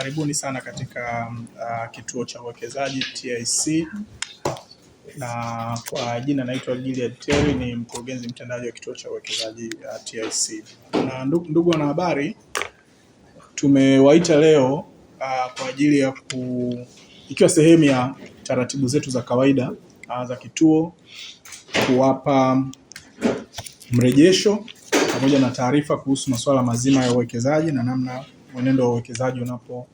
Karibuni sana katika uh, kituo cha uwekezaji TIC, na kwa jina naitwa Gilead Terry, ni mkurugenzi mtendaji wa kituo cha uwekezaji uh, TIC. Na ndugu wanahabari, tumewaita leo uh, kwa ajili ya ku ikiwa sehemu ya taratibu zetu za kawaida uh, za kituo kuwapa mrejesho pamoja na taarifa kuhusu masuala mazima ya uwekezaji na namna mwenendo wa uwekezaji unapo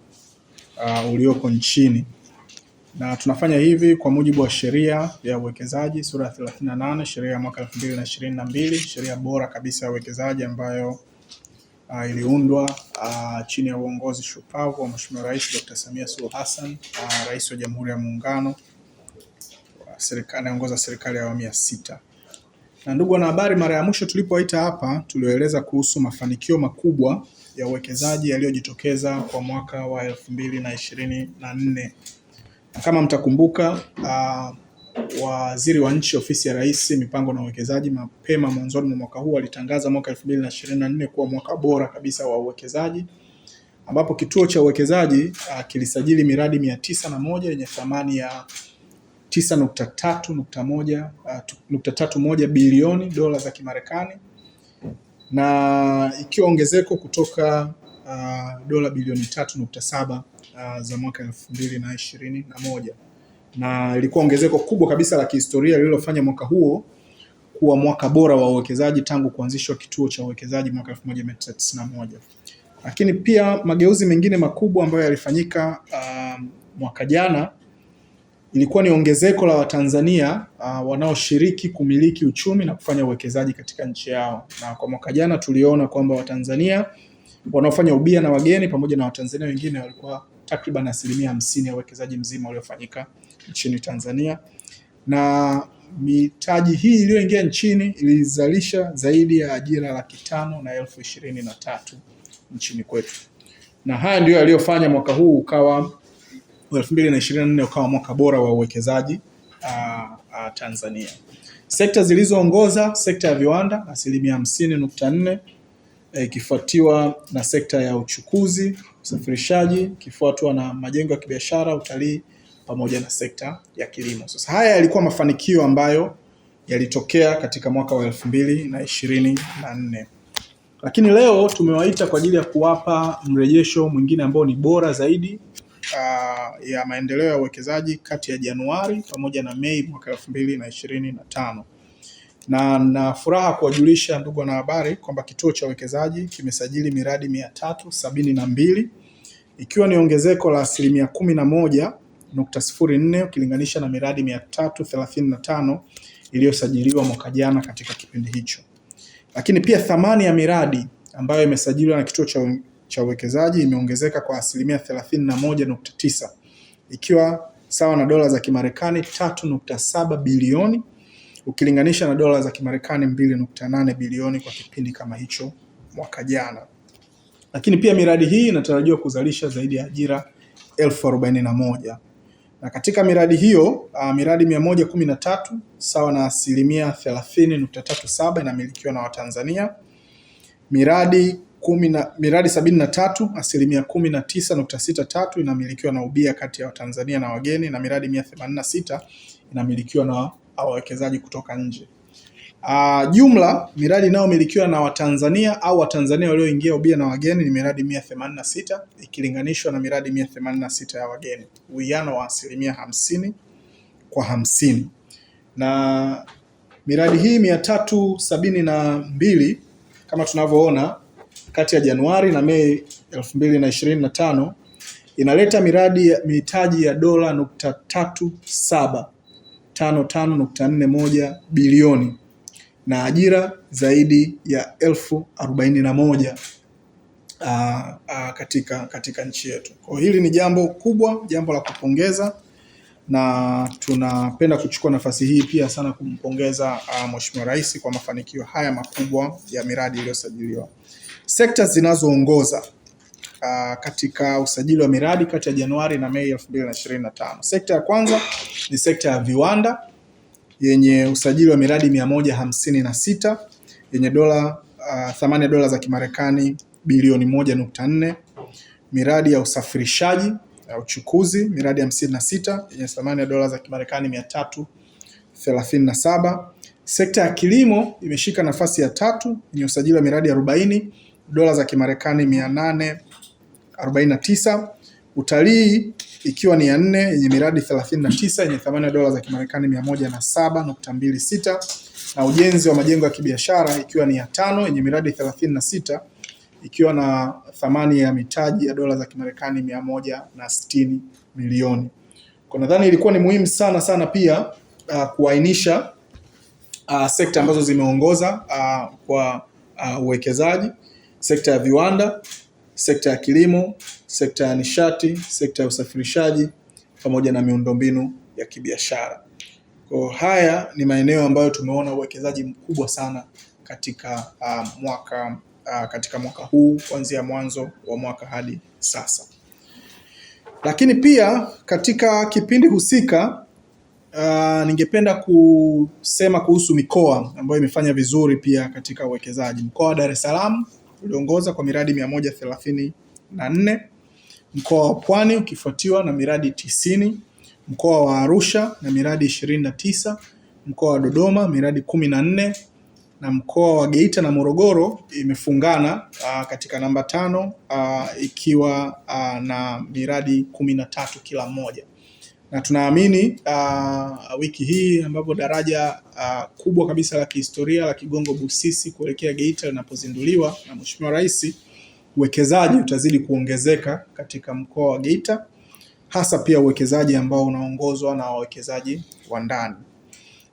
uh, ulioko nchini, na tunafanya hivi kwa mujibu wa sheria ya uwekezaji sura ya 38, sheria ya mwaka 2022, sheria bora kabisa ya uwekezaji ambayo Uh, iliundwa uh, chini ya uongozi shupavu wa Mheshimiwa Rais Dr. Samia Suluhu Hassan uh, rais wa Jamhuri ya Muungano anaongoza serikali ya awamu ya sita. Na ndugu wanahabari, mara ya mwisho tulipoita hapa tulioeleza kuhusu mafanikio makubwa ya uwekezaji yaliyojitokeza kwa mwaka wa elfu mbili na ishirini na nne. Kama mtakumbuka, uh, waziri wa nchi ofisi ya Rais mipango na uwekezaji, mapema mwanzoni mwa mwaka huu alitangaza mwaka elfu mbili na ishirini na nne kuwa mwaka bora kabisa wa uwekezaji ambapo kituo cha uwekezaji uh, kilisajili miradi mia tisa na moja yenye thamani ya tisa nukta tatu nukta moja uh, nukta tatu moja bilioni dola za Kimarekani na ikiwa ongezeko kutoka uh, dola bilioni tatu nukta saba uh, za mwaka elfu mbili na ishirini na moja na ilikuwa ongezeko kubwa kabisa la kihistoria lililofanya mwaka huo kuwa mwaka bora wa uwekezaji tangu kuanzishwa kituo cha uwekezaji mwaka moja Lakini pia mageuzi mengine makubwa ambayo yalifanyika uh, mwaka jana ilikuwa ni ongezeko la Watanzania uh, wanaoshiriki kumiliki uchumi na kufanya uwekezaji katika nchi yao, na kwa mwaka jana tuliona kwamba Watanzania wanaofanya ubia na wageni pamoja na Watanzania wengine walikuwa takriban asilimia hamsini ya uwekezaji mzima uliofanyika nchini Tanzania, na mitaji hii iliyoingia nchini ilizalisha zaidi ya ajira laki tano na elfu ishirini na tatu nchini kwetu, na haya ndiyo yaliyofanya mwaka huu ukawa elfu mbili na ishirini na nne ukawa mwaka bora wa uwekezaji uh, uh, Tanzania. Sekta zilizoongoza sekta ya viwanda asilimia hamsini nukta nne eh, ikifuatiwa na sekta ya uchukuzi, usafirishaji, ikifuatwa na majengo ya kibiashara, utalii pamoja na sekta ya kilimo. Sasa haya yalikuwa mafanikio ambayo yalitokea katika mwaka wa elfu mbili na ishirini na nne lakini leo tumewaita kwa ajili ya kuwapa mrejesho mwingine ambao ni bora zaidi uh, ya maendeleo ya uwekezaji kati ya Januari pamoja na Mei mwaka elfu mbili na ishirini na tano na na furaha kuwajulisha ndugu wanahabari kwamba kituo cha uwekezaji kimesajili miradi mia tatu sabini na mbili ikiwa ni ongezeko la asilimia kumi na moja nukta sifuri nne ukilinganisha na miradi mia tatu thelathini na tano iliyosajiliwa mwaka jana katika kipindi hicho. Lakini pia thamani ya miradi ambayo imesajiliwa na kituo cha cha uwekezaji imeongezeka kwa asilimia na moja tisa ikiwa sawa na dola za Kimarekani 3.7 bilioni ukilinganisha na dola za Kimarekani 2.8 bilioni kwa kipindi kama hicho mwaka jana. Lakini pia miradi hii inatarajiwa kuzalisha zaidi ya ajira elfu arobaini na moja na katika miradi hiyo uh, miradi tatu sawa na asilimia 30.37 inamilikiwa na Watanzania. Miradi kumi na miradi sabini na tatu asilimia kumi na tisa nukta sita tatu inamilikiwa na ubia kati ya Watanzania na wageni na miradi mia themanini na sita inamilikiwa na wawekezaji kutoka nje. Uh, jumla miradi inayomilikiwa na Watanzania au Watanzania walioingia ubia na wageni ni miradi mia themanini na sita ikilinganishwa na miradi mia themanini na sita ya wageni, uwiano wa asilimia hamsini kwa hamsini na miradi hii mia tatu sabini na mbili kama tunavyoona kati ya Januari na Mei 2025 inaleta miradi ya mitaji ya dola nukta tatu saba tano tano nukta nne moja bilioni na ajira zaidi ya elfu arobaini na moja ah, ah, katika, katika nchi yetu. Kwa hili ni jambo kubwa, jambo la kupongeza na tunapenda kuchukua nafasi hii pia sana kumpongeza uh, Mheshimiwa Rais kwa mafanikio haya makubwa ya miradi iliyosajiliwa. Sekta zinazoongoza uh, katika usajili wa miradi kati ya Januari na Mei 2025. Sekta ya kwanza ni sekta ya viwanda yenye usajili wa miradi 156 yenye dola uh, thamani ya dola za Kimarekani bilioni 1.4. Miradi ya usafirishaji ya uchukuzi miradi hamsini na sita yenye thamani ya dola za Kimarekani mia tatu thelathini na saba. Sekta ya kilimo imeshika nafasi ya tatu yenye usajili wa miradi arobaini dola za Kimarekani mia nane arobaini na tisa. Utalii ikiwa ni ya nne yenye miradi tisa yenye thamani ya dola za Kimarekani moja na ujenzi wa majengo ya kibiashara ikiwa ni ya tano yenye miradi sita ikiwa na thamani ya mitaji ya dola za Kimarekani mia moja na sitini milioni. Kwa nadhani ilikuwa ni muhimu sana sana pia uh, kuainisha uh, sekta ambazo zimeongoza uh, kwa uh, uwekezaji, sekta ya viwanda, sekta ya kilimo, sekta ya nishati, sekta ya usafirishaji pamoja na miundombinu ya kibiashara. Kwa haya ni maeneo ambayo tumeona uwekezaji mkubwa sana katika uh, mwaka uh, katika mwaka huu kuanzia mwanzo wa mwaka hadi sasa. Lakini pia katika kipindi husika uh, ningependa kusema kuhusu mikoa ambayo imefanya vizuri pia katika uwekezaji. Mkoa wa Dar es Salaam uliongoza kwa miradi mia moja thelathini na nne mkoa wa Pwani ukifuatiwa na miradi tisini mkoa wa Arusha na miradi ishirini na tisa mkoa wa Dodoma miradi kumi na nne na mkoa wa Geita na Morogoro imefungana uh, katika namba tano uh, ikiwa uh, na miradi kumi na tatu kila mmoja, na tunaamini uh, wiki hii ambapo daraja uh, kubwa kabisa la kihistoria la Kigongo Busisi kuelekea Geita linapozinduliwa na Mheshimiwa Rais, uwekezaji utazidi kuongezeka katika mkoa wa Geita, hasa pia uwekezaji ambao unaongozwa na wawekezaji wa ndani.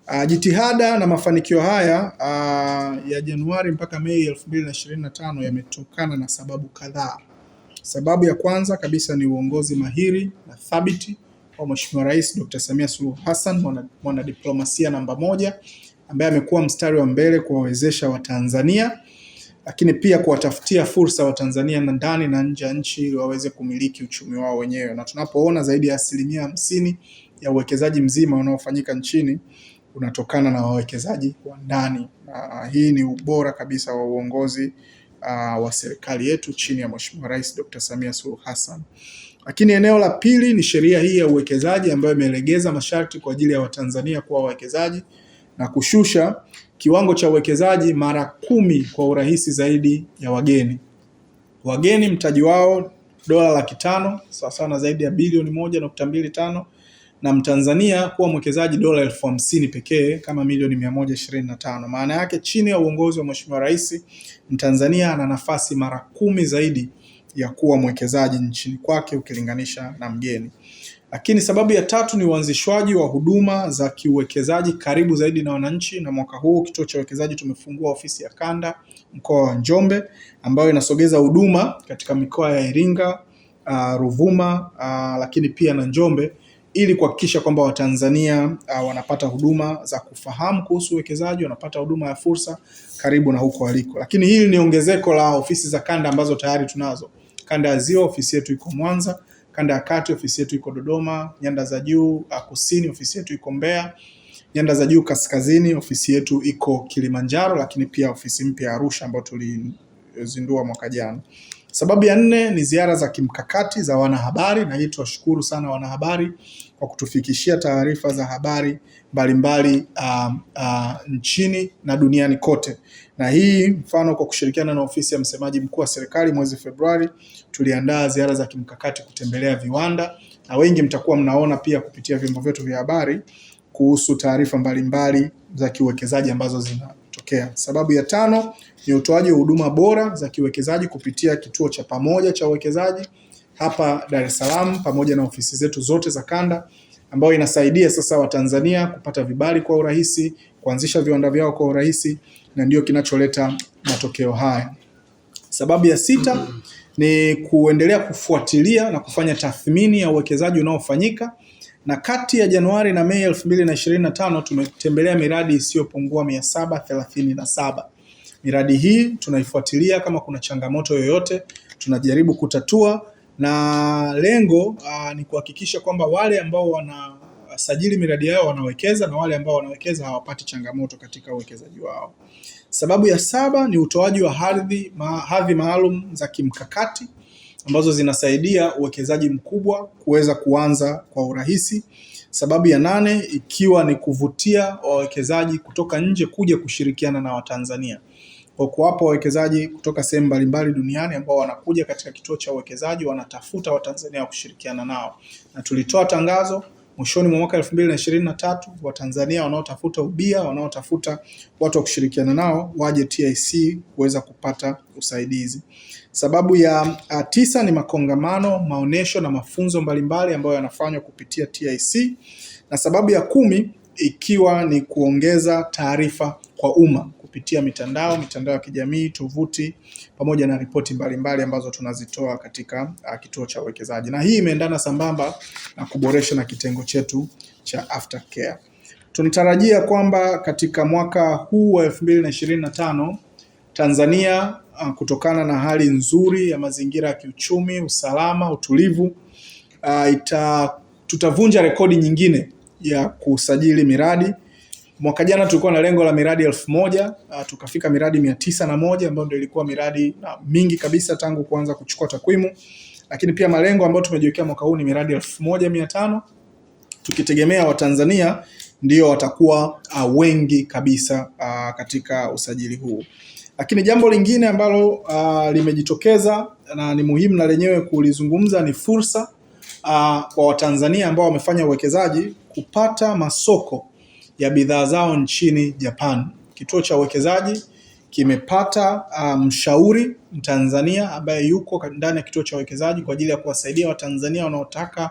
Uh, jitihada na mafanikio haya uh, ya Januari mpaka Mei 2025 yametokana na sababu kadhaa. Sababu ya kwanza kabisa ni uongozi mahiri na thabiti wa Mheshimiwa Rais Dr. Samia Suluhu Hassan, mwanadiplomasia namba moja ambaye amekuwa mstari wa mbele kuwawezesha Watanzania, lakini pia kuwatafutia fursa Watanzania na ndani na nje ya nchi ili waweze kumiliki uchumi wao wenyewe, na tunapoona zaidi ya asilimia hamsini ya uwekezaji mzima unaofanyika nchini unatokana na wawekezaji wa ndani. Uh, hii ni ubora kabisa wa uongozi uh, wa serikali yetu chini ya Mheshimiwa Rais Dr. Samia Suluhu Hassan. Lakini eneo la pili ni sheria hii ya uwekezaji ambayo imelegeza masharti kwa ajili ya Watanzania kuwa wawekezaji na kushusha kiwango cha uwekezaji mara kumi kwa urahisi zaidi ya wageni. Wageni mtaji wao dola laki tano sawa sawa na zaidi ya bilioni moja nukta mbili tano na Mtanzania kuwa mwekezaji dola elfu hamsini pekee kama milioni mia moja ishirini na tano Maana yake chini ya uongozi wa Mheshimiwa Rais, Mtanzania ana nafasi mara kumi zaidi ya kuwa mwekezaji nchini kwake ukilinganisha na mgeni. Lakini sababu ya tatu ni uanzishwaji wa huduma za kiuwekezaji karibu zaidi na wananchi, na mwaka huu kituo cha uwekezaji tumefungua ofisi ya kanda mkoa wa Njombe ambayo inasogeza huduma katika mikoa ya Iringa, uh, Ruvuma, uh, lakini pia na Njombe ili kuhakikisha kwamba Watanzania uh, wanapata huduma za kufahamu kuhusu uwekezaji, wanapata huduma ya fursa karibu na huko waliko. Lakini hili ni ongezeko la ofisi za kanda ambazo tayari tunazo. Kanda ya Ziwa ofisi yetu iko Mwanza, kanda ya Kati ofisi yetu iko Dodoma, nyanda za juu uh, kusini ofisi yetu iko Mbeya, nyanda za juu kaskazini ofisi yetu iko Kilimanjaro, lakini pia ofisi mpya ya Arusha ambayo tulizindua mwaka jana. Sababu ya nne ni ziara za kimkakati za wanahabari, na hii tuwashukuru sana wanahabari kwa kutufikishia taarifa za habari mbalimbali uh, uh, nchini na duniani kote, na hii mfano kwa kushirikiana na ofisi ya msemaji mkuu wa serikali, mwezi Februari tuliandaa ziara za kimkakati kutembelea viwanda, na wengi mtakuwa mnaona pia kupitia vyombo vyetu vya habari kuhusu taarifa mbalimbali za kiuwekezaji ambazo zina kutokea. Sababu ya tano ni utoaji wa huduma bora za kiwekezaji kupitia kituo cha pamoja cha uwekezaji hapa Dar es Salaam pamoja na ofisi zetu zote za kanda, ambayo inasaidia sasa Watanzania kupata vibali kwa urahisi, kuanzisha viwanda vyao kwa urahisi, na ndio kinacholeta matokeo haya. Sababu ya sita ni kuendelea kufuatilia na kufanya tathmini ya uwekezaji unaofanyika na kati ya Januari na Mei 2025 tumetembelea miradi isiyopungua 737. Miradi hii tunaifuatilia, kama kuna changamoto yoyote tunajaribu kutatua, na lengo aa, ah, ni kuhakikisha kwamba wale ambao wanasajili miradi yao wanawekeza na wale ambao wanawekeza hawapati changamoto katika uwekezaji wao. Sababu ya saba ni utoaji wa hadhi ma, hadhi maalum za kimkakati ambazo zinasaidia uwekezaji mkubwa kuweza kuanza kwa urahisi. Sababu ya nane ikiwa ni kuvutia wawekezaji kutoka nje kuja kushirikiana na Watanzania kwa kuwapa wawekezaji kutoka sehemu mbalimbali duniani ambao wanakuja katika kituo cha uwekezaji wanatafuta Watanzania wa kushirikiana nao, na tulitoa tangazo mwishoni mwa mwaka tatu Watanzania wanaotafuta ubia, wanaotafuta watu wa kushirikiana nao waje TIC kuweza kupata usaidizi. Sababu ya uh, tisa ni makongamano, maonesho na mafunzo mbalimbali ambayo yanafanywa kupitia TIC, na sababu ya kumi ikiwa ni kuongeza taarifa kwa umma kupitia mitandao mitandao ya kijamii, tovuti pamoja na ripoti mbalimbali ambazo tunazitoa katika uh, kituo cha uwekezaji, na hii imeendana sambamba na kuboresha na kitengo chetu cha aftercare. Tunatarajia kwamba katika mwaka huu wa 2025 Tanzania uh, kutokana na hali nzuri ya mazingira ya kiuchumi, usalama, utulivu uh, ita tutavunja rekodi nyingine ya kusajili miradi Mwaka jana tulikuwa na lengo la miradi elfu moja uh, tukafika miradi mia tisa na moja ambayo ndio ilikuwa miradi uh, mingi kabisa tangu kuanza kuchukua takwimu, lakini pia malengo ambayo tumejiwekea mwaka huu ni miradi elfu moja mia tano tukitegemea Watanzania ndio watakuwa uh, wengi kabisa uh, katika usajili huu. Lakini jambo lingine ambalo uh, limejitokeza na ni muhimu na lenyewe kulizungumza ni fursa uh, kwa Watanzania ambao wamefanya uwekezaji kupata masoko ya bidhaa zao nchini Japan. Kituo cha uwekezaji kimepata ah, mshauri um, Mtanzania ambaye yuko ndani ya kituo cha uwekezaji kwa ajili ya kuwasaidia Watanzania wanaotaka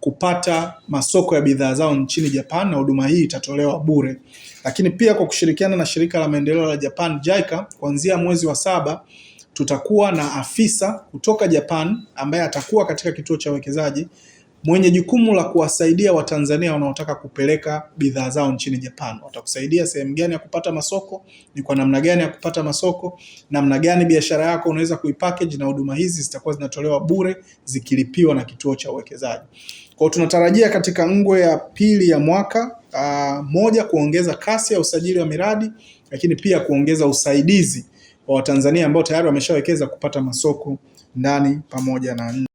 kupata masoko ya bidhaa zao nchini Japan, na huduma hii itatolewa bure. Lakini pia kwa kushirikiana na shirika la maendeleo la Japan JICA, kuanzia mwezi wa saba tutakuwa na afisa kutoka Japan ambaye atakuwa katika kituo cha uwekezaji mwenye jukumu la kuwasaidia Watanzania wanaotaka kupeleka bidhaa zao nchini Japan. Watakusaidia sehemu gani ya kupata masoko, ni kwa namna gani ya kupata masoko, namna gani biashara yako unaweza kuipackage, na huduma hizi zitakuwa zinatolewa bure zikilipiwa na kituo cha uwekezaji. Kwa tunatarajia katika ngwe ya pili ya mwaka a, ah, moja kuongeza kasi ya usajili wa miradi, lakini pia kuongeza usaidizi wa Watanzania ambao tayari wameshawekeza kupata masoko ndani pamoja na nje.